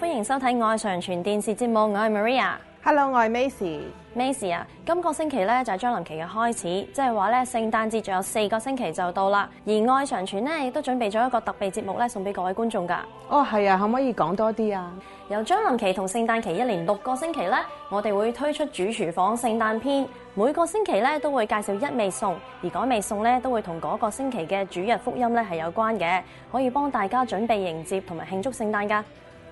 歡迎收睇《愛常傳》電視節目，我係 Maria，Hello，我係 Macy，Macy 啊！今個星期咧就係將臨期嘅開始，即係話咧聖誕節仲有四個星期就到啦。而《愛常傳》咧亦都準備咗一個特別節目咧送俾各位觀眾噶。哦，係啊，可唔可以講多啲啊？由將臨期同聖誕期一連六個星期咧，我哋會推出主廚房聖誕篇，篇，每個星期咧都會介紹一味餸，而嗰味餸咧都會同嗰個星期嘅主日福音咧係有關嘅，可以幫大家準備迎接同埋慶祝聖誕噶。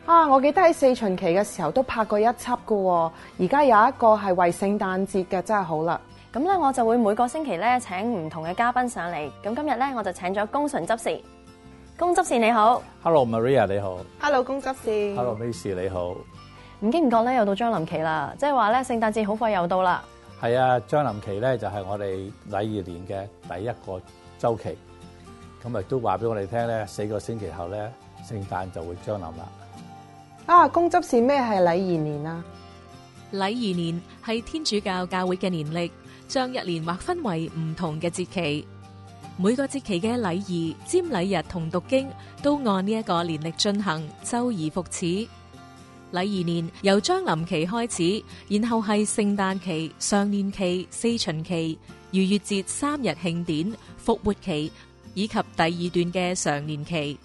啊！我記得喺四旬期嘅時候都拍過一輯嘅，而家有一個係為聖誕節嘅，真係好啦。咁咧，我就會每個星期咧請唔同嘅嘉賓上嚟。咁今日咧，我就請咗宮純執事，宮執事你好，Hello Maria 你好，Hello 宮執事，Hello Miss 你好。唔經唔覺咧，又到將臨期啦，即係話咧聖誕節好快又到啦。係啊，將臨期咧就係我哋禮儀年嘅第一個週期，咁咪都話俾我哋聽咧，四個星期後咧聖誕就會將臨啦。啊，公執是咩？係禮儀年啊！禮儀年係天主教教會嘅年歷，將一年劃分為唔同嘅節期。每個節期嘅禮儀、瞻禮日同讀經，都按呢一個年歷進行周而復始。禮儀年由將臨期開始，然後係聖誕期、常年期、四旬期、逾越節三日慶典、復活期以及第二段嘅常年期。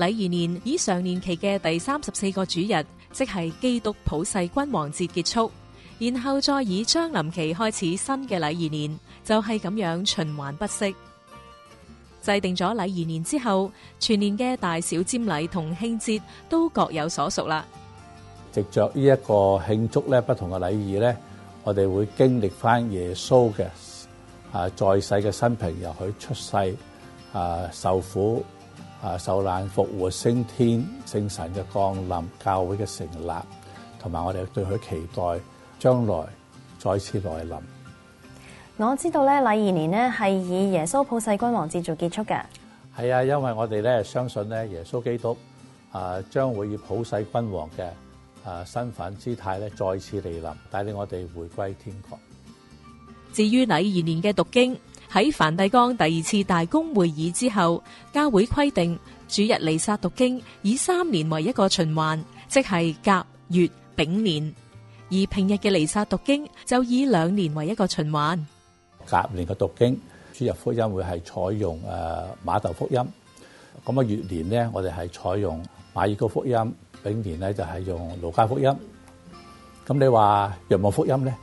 禮儀年以常年期嘅第三十四個主日，即係基督普世君王節結束，然後再以將臨期開始新嘅禮儀年，就係咁樣循環不息。制定咗禮儀年之後，全年嘅大小瞻禮同慶節都各有所屬啦。藉着呢一個慶祝咧不同嘅禮儀咧，我哋會經歷翻耶穌嘅啊在世嘅生平，由佢出世啊受苦。啊！受難、復活、升天、聖神嘅降臨、教會嘅成立，同埋我哋對佢期待將來再次來臨。我知道咧，禮二年咧係以耶穌普世君王節做結束嘅。係啊，因為我哋咧相信咧，耶穌基督啊，將會以普世君王嘅啊身份姿態咧再次嚟臨，帶領我哋回歸天國。至於禮二年嘅讀經。喺梵蒂岡第二次大公會議之後，教會規定主日彌撒讀經以三年為一個循環，即係甲、乙、丙年；而平日嘅彌撒讀經就以兩年為一個循環。甲年嘅讀經，主日福音會係採用誒馬竇福音；咁啊乙年呢，我哋係採用馬爾谷福音；丙年是呢，就係用路加福音。咁你話若望福音咧？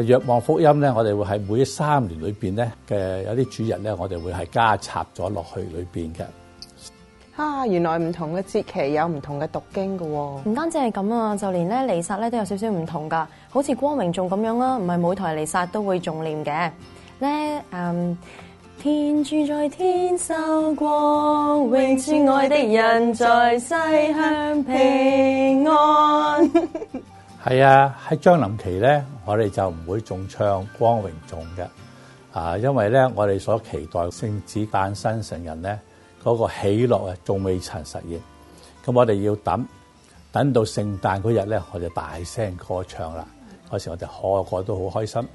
若望福音》咧，我哋會喺每三年裏邊咧嘅有啲主日咧，我哋會係加插咗落去裏邊嘅。啊，原來唔同嘅節期有唔同嘅讀經嘅。唔單止係咁啊，就連咧彌撒咧都有少少唔同噶，好似光榮頌咁樣啦，唔係每台彌撒都會仲念嘅。咧，嗯，天主在天，受光，永住愛的人在世向平安。 係啊，喺將臨期咧，我哋就唔會重唱光榮頌嘅啊，因為咧，我哋所期待聖子誕生成人咧，嗰個喜樂啊，仲未曾實現。咁我哋要等等到聖誕嗰日咧，我哋大聲歌唱啦。嗰時我哋個個都好開心。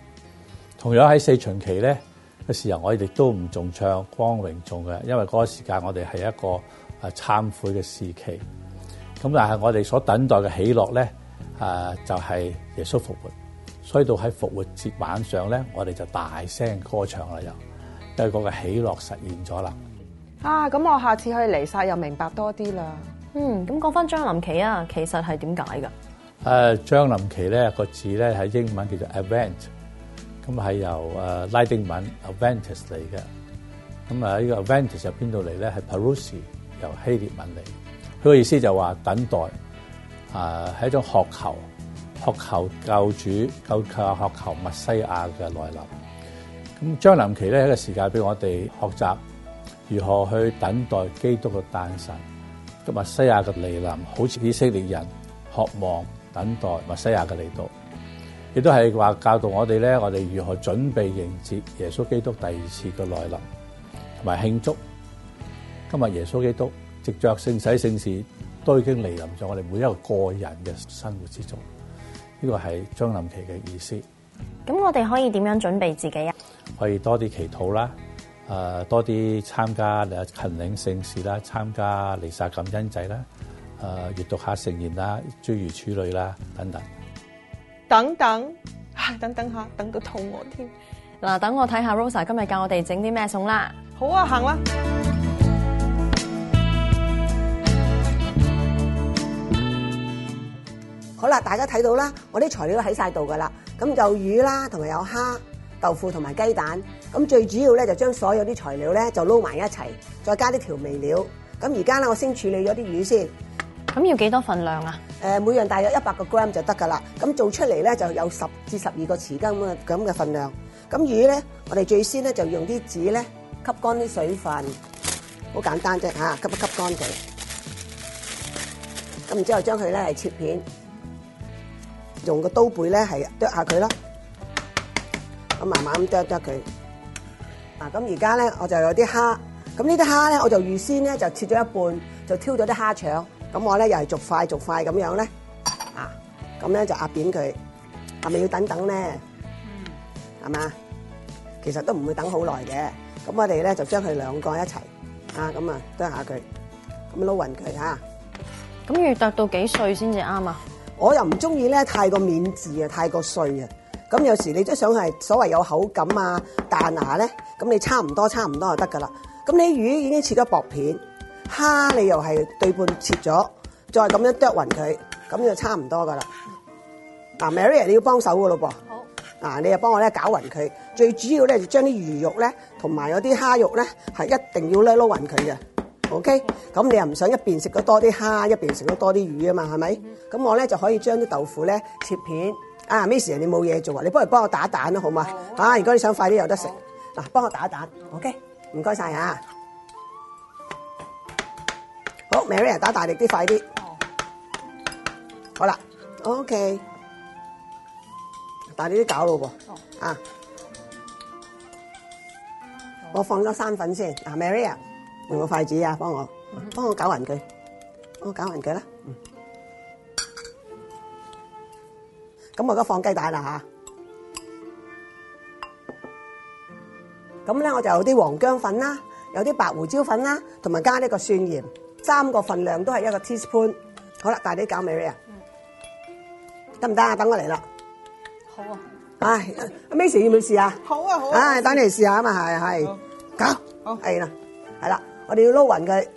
同樣喺四旬期咧嘅時候我哋，我哋都唔重唱光榮頌嘅，因為嗰個時間我哋係一個誒懺悔嘅時期。咁但係我哋所等待嘅喜樂咧。誒、啊，就係、是、耶穌復活，所以到喺復活節晚上咧，我哋就大聲歌唱啦，又，因為嗰個喜樂實現咗啦。啊，咁我下次去彌撒又明白多啲啦。嗯，咁講翻將臨期啊，其實係點解噶？誒、啊，將臨期咧個字咧喺英文叫做 Advent，咁係由誒拉丁文 adventus 嚟嘅。咁啊、這個、哪裡呢個 adventus 由邊度嚟咧？係 Parousia 由希臘文嚟，佢嘅意思就話等待。啊，係一種渴求、渴求救主、救求渴求彌西亞嘅來臨。咁將臨期咧，係個時間俾我哋學習如何去等待基督嘅誕生，今日西亞嘅來臨，好似以色列人渴望等待彌西亞嘅嚟到，亦都係話教導我哋咧，我哋如何準備迎接耶穌基督第二次嘅來臨，同埋慶祝今日耶穌基督藉着聖洗聖事。都已經嚟臨咗我哋每一個個人嘅生活之中，呢個係張林琪嘅意思。咁我哋可以點樣準備自己啊？可以多啲祈禱啦，誒，多啲參加誒勤領聖事啦，參加彌撒感恩祭啦，誒，閱讀下聖言啦，諸如此類啦，等等，等等，等等下，等到肚餓添。嗱，等我睇下 Rosa 今日教我哋整啲咩餸啦。好啊，行啦。好啦，大家睇到啦，我啲材料喺晒度噶啦。咁就魚啦，同埋有，有蝦、豆腐同埋雞蛋。咁最主要咧就將所有啲材料咧就撈埋一齊，再加啲調味料。咁而家啦，我先處理咗啲魚先。咁要幾多份量啊？誒，每樣大約一百個 gram 就得噶啦。咁做出嚟咧就有十至十二個匙羹咁嘅份量。咁魚咧，我哋最先咧就用啲紙咧吸乾啲水分，好簡單啫嚇，吸一吸乾淨。咁然之後將佢咧切片。用個刀背咧，係剁下佢咯。咁慢慢咁剁剁佢。嗱，咁而家咧，我就有啲蝦。咁呢啲蝦咧，我就預先咧就切咗一半，就挑咗啲蝦腸。咁我咧又係逐塊逐塊咁樣咧，啊，咁咧就壓扁佢。係咪要等等咧？嗯。係嘛？其實都唔會等好耐嘅。咁我哋咧就將佢兩個一齊，啊，咁啊剁下佢，咁撈勻佢嚇。咁要剁到幾碎先至啱啊？我又唔中意咧，太過免治啊，太過碎啊。咁有時你都想係所謂有口感啊、彈牙咧，咁你差唔多，差唔多就得噶啦。咁你魚已經切咗薄片，蝦你又係對半切咗，再咁樣剁勻佢，咁就差唔多噶啦。嗱，Maria 你要幫手噶咯噃，嗱，Now, 你又幫我咧搞勻佢，最主要咧就將啲魚肉咧同埋有啲蝦肉咧係一定要咧撈勻佢嘅。OK，咁、嗯、你又唔想一邊食咗多啲蝦，一邊食咗多啲魚啊嘛，係咪？咁、嗯、我咧就可以將啲豆腐咧切片。啊，Miss 你冇嘢做啊？你不如幫我打蛋啦，好嘛？啊，如果你想快啲有得食，嗱、啊，幫我打蛋。嗯、OK，唔該晒啊。好，Maria 打大力啲，快啲、嗯。好啦，OK。打啲啲搞咯噃。啊。我放咗生粉先。啊，Maria。用個筷子啊，幫我，幫我攪勻佢，幫我攪勻佢啦。咁我而家放雞蛋啦吓，咁咧我就有啲黃薑粉啦，有啲白胡椒粉啦，同埋加呢個蒜鹽，三個份量都係一個 teaspoon。好啦，大啲攪，Maisy 啊，得唔得啊？等我嚟啦。好啊。啊，Maisy 要唔要試啊？好啊，好啊。啊，等你嚟試下啊嘛，係係，攪，好係啦，係啦。我哋要撈匀佢，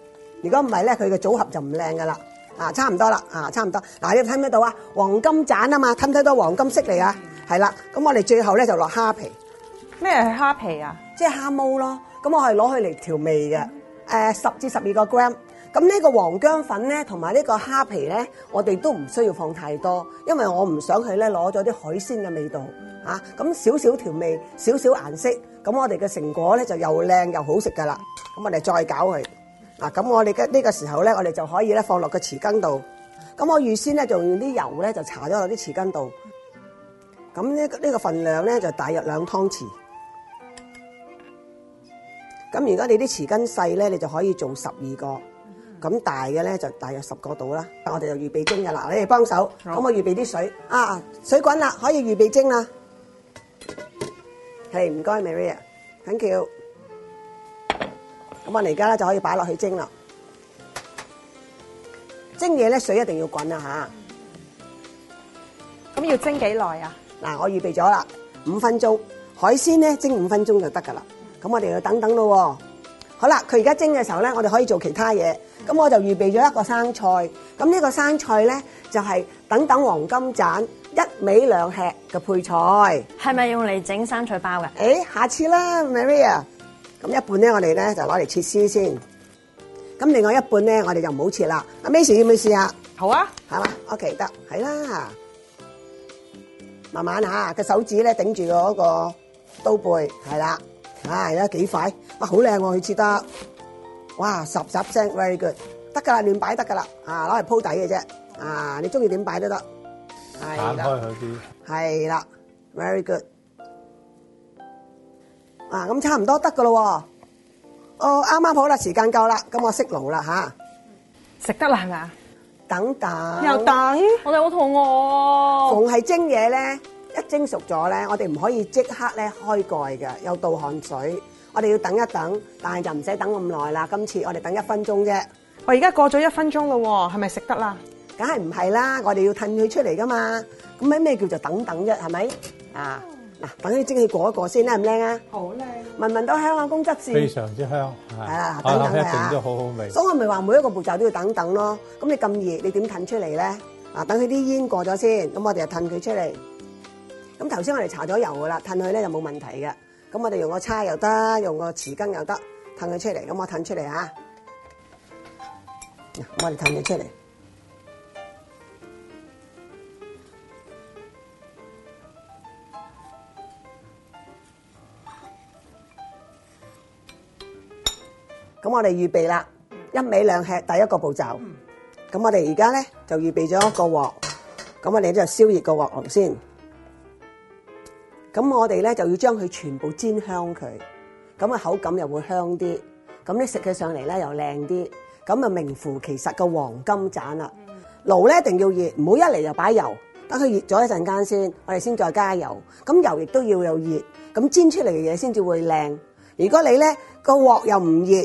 如果唔係咧，佢嘅組合就唔靚噶啦。啊，差唔多啦，啊，差唔多。嗱、啊，你睇唔睇到啊？黃金盞啊嘛，睇唔睇到黃金色嚟啊？係啦，咁我哋最後咧就落蝦皮。咩係蝦皮啊？即係蝦毛咯。咁我係攞佢嚟調味嘅。誒、嗯，十至十二個 gram。咁呢個黃薑粉咧，同埋呢個蝦皮咧，我哋都唔需要放太多，因為我唔想佢咧攞咗啲海鮮嘅味道啊！咁少少調味，少少顏色，咁我哋嘅成果咧就又靚又好食噶啦！咁我哋再搞佢啊，咁我哋嘅呢個時候咧，我哋就可以咧放落個匙羹度。咁我預先咧就用啲油咧就搽咗落啲匙羹度。咁呢呢個份量咧就大約兩湯匙。咁如果你啲匙羹細咧，你就可以做十二個。咁大嘅咧就大約十個度啦，我哋就預備蒸嘅啦。你哋幫手，咁我預備啲水。啊，水滾啦，可以預備蒸啦。係，唔該，Maria，緊叫。咁我哋而家咧就可以擺落去蒸啦。蒸嘢，咧水一定要滾啊吓。咁要蒸幾耐啊？嗱，我預備咗啦，五分鐘。海鮮咧蒸五分鐘就得噶啦。咁我哋要等等咯。好啦，佢而家蒸嘅時候咧，我哋可以做其他嘢。咁、嗯、我就預備咗一個生菜。咁呢個生菜咧，就係、是、等等黃金盞一味兩吃嘅配菜。係咪用嚟整生菜包嘅？誒，下次啦，Maria。咁一半咧，我哋咧就攞嚟切絲先。咁另外一半咧，我哋就唔好切啦。阿 Macy 要唔要試下？好啊，係嘛，OK 得，係啦。慢慢嚇，個手指咧頂住個嗰個刀背，係啦。係而家幾塊，哇好靚，佢切得，哇十十聲 very good，得噶啦，亂擺得噶啦，啊攞嚟鋪底嘅啫，啊你中意點擺都得，係啦，係啦，very good，啊咁差唔多得噶咯，哦啱啱好啦，時間夠啦，咁我熄爐啦吓，食得啦係咪啊？等等，又等，我哋好肚餓，逢係蒸嘢咧。一蒸熟咗咧，我哋唔可以即刻咧開蓋嘅，有倒汗水。我哋要等一等，但係就唔使等咁耐啦。今次我哋等一分鐘啫。喂，而家過咗一分鐘咯，係咪食得啦？梗係唔係啦，我哋要褪佢出嚟噶嘛。咁咩咩叫做等等啫？係咪、嗯、啊？嗱，等佢蒸汽過一過先，靚唔靚啊？好靚，聞聞到香港公汁線非常之香，係啊，啊，啊，等等啊，啊啊好好味。所以我咪話每一個步驟都要等等咯。咁你咁熱，你點褪出嚟咧？啊，等佢啲煙過咗先，咁我哋就褪佢出嚟。咁頭先我哋搽咗油噶啦，褪佢咧就冇問題嘅。咁我哋用個叉又得，用個匙羹又得，褪佢出嚟。咁我褪出嚟吓，我哋褪咗出嚟。咁我哋預備啦，一味兩吃，第一個步驟。咁我哋而家咧就預備咗一個鑊，咁我哋就先燒熱個鑊爐先。咁我哋咧就要將佢全部煎香佢，咁啊口感又會香啲，咁你食起上嚟，咧又靚啲，咁啊名副其實個黃金盞啦。爐咧一定要熱，唔好一嚟就擺油，等佢熱咗一陣間先，我哋先再加油。咁油亦都要有熱，咁煎出嚟嘅嘢先至會靚。如果你咧個鑊又唔熱，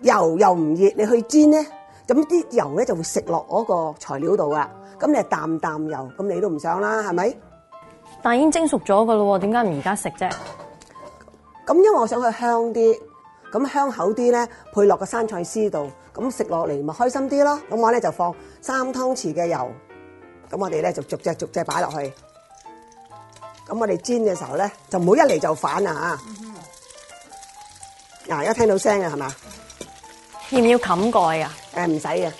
油又唔熱，熱，你去煎咧，咁啲油咧就會食落嗰個材料度啊。咁你係啖啖油，咁你都唔想啦，係咪？但係已經蒸熟咗噶啦，點解唔而家食啫？咁因為我想佢香啲，咁香口啲咧，配落個生菜絲度，咁食落嚟咪開心啲咯。咁我咧就放三湯匙嘅油，咁我哋咧就逐隻逐隻擺落去。咁我哋煎嘅時候咧，就唔好一嚟就反啦吓。嗱，一聽到聲啊，係嘛？要唔要冚蓋啊？誒，唔使啊。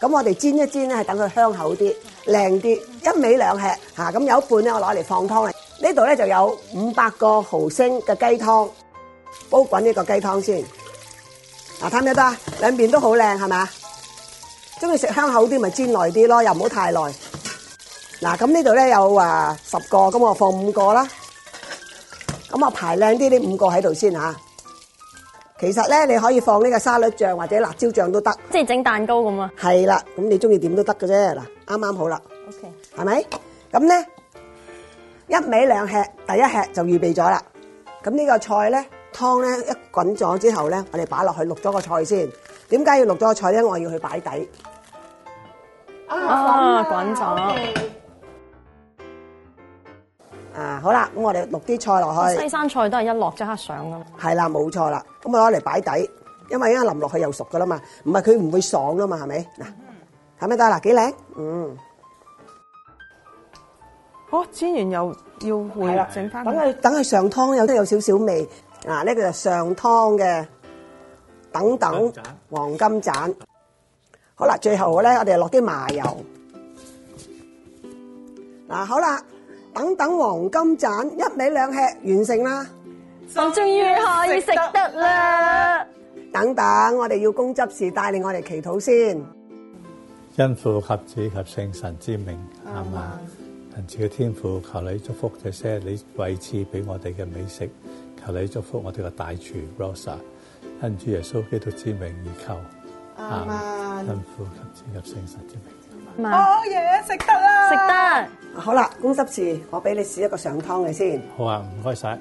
咁我哋煎一煎咧，係等佢香口啲、靚啲，一味兩吃嚇。咁有一半咧，我攞嚟放湯嚟。呢度咧就有五百個毫升嘅雞湯，煲滾呢個雞湯先。嗱，睇下得啊，兩邊都好靚，係咪？中意食香口啲咪煎耐啲咯，又唔好太耐。嗱，咁呢度咧有啊十個，咁我放五個啦。咁我排靚啲，呢五個喺度先啊。其實咧，你可以放呢個沙律醬或者辣椒醬都得，即係整蛋糕咁啊。係啦，咁你中意點都得嘅啫。嗱，啱啱好啦。OK，係咪？咁咧一味兩吃，第一吃就預備咗啦。咁呢個菜咧，湯咧一滾咗之後咧，我哋擺落去渌咗個菜先。點解要渌咗個菜咧？我要去擺底。啊，滾、啊、咗。滾啊，好啦，咁我哋落啲菜落去。西生菜都係一落即刻上噶嘛。係啦，冇錯啦。咁我攞嚟擺底，因為而家淋落去又熟噶啦嘛，唔係佢唔會爽噶嘛，係咪？嗱，係咪得啦，幾靚？嗯。好，煎完又要會整翻。等佢等佢上湯，有啲有少少味。嗱，呢個就上湯嘅。等等，黃金盞。好啦，最後咧，我哋落啲麻油。嗱，好啦。等等黃金盞，一味兩吃完成啦，我終於可以食得啦！等等，我哋要供執事帶領我哋祈禱先。因父及子及聖神之名，係嘛？神賜嘅天父，求你祝福這些你惠賜俾我哋嘅美食，求你祝福我哋嘅大廚 Rosa，跟住耶穌基督之名而求，係嘛？因父及子及聖神之名。好嘢，食、oh, yeah, 得啦！食得，好啦，公濕氏，我俾你試一個上湯嘅先。好啊，唔該晒。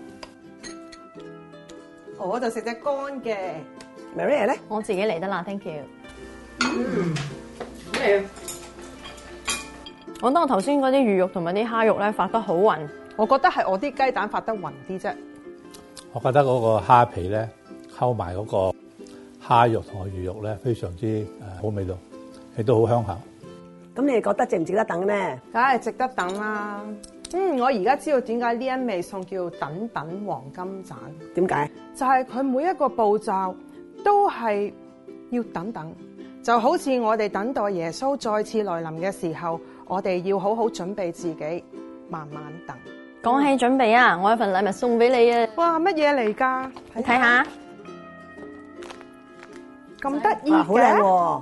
我就食隻乾嘅。Maria 咧，我自己嚟得啦，thank you。嗯，咩我講到頭先嗰啲魚肉同埋啲蝦肉咧，發得好匀，我覺得係我啲雞蛋發得匀啲啫。我覺得嗰個蝦皮咧，溝埋嗰個蝦肉同埋魚肉咧，非常之、呃、好味道，亦都好香口。咁你哋覺得值唔值得等嘅咩？梗係值得等啦。嗯，我而家知道點解呢一味餸叫等等黃金盞。點解？就係佢每一個步驟都係要等等，就好似我哋等待耶穌再次來臨嘅時候，我哋要好好準備自己，慢慢等。講起準備啊，我有份禮物送俾你啊！哇，乜嘢嚟㗎？你睇下，咁得意嘅。好靚喎！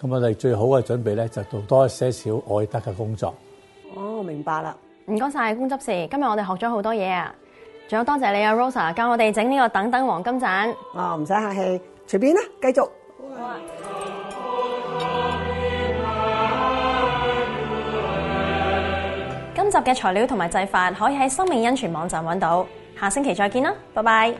咁我哋最好嘅準備咧，就做多一些少愛德嘅工作。哦，明白啦，唔該晒。工執事，今日我哋學咗好多嘢啊！仲有多謝你啊 Rosa 教我哋整呢個等等黃金盞。哦，唔使客氣，隨便啦，繼續。好啊，好啊。今集嘅材料同埋製法可以喺生命恩泉網站揾到，下星期再見啦，拜拜。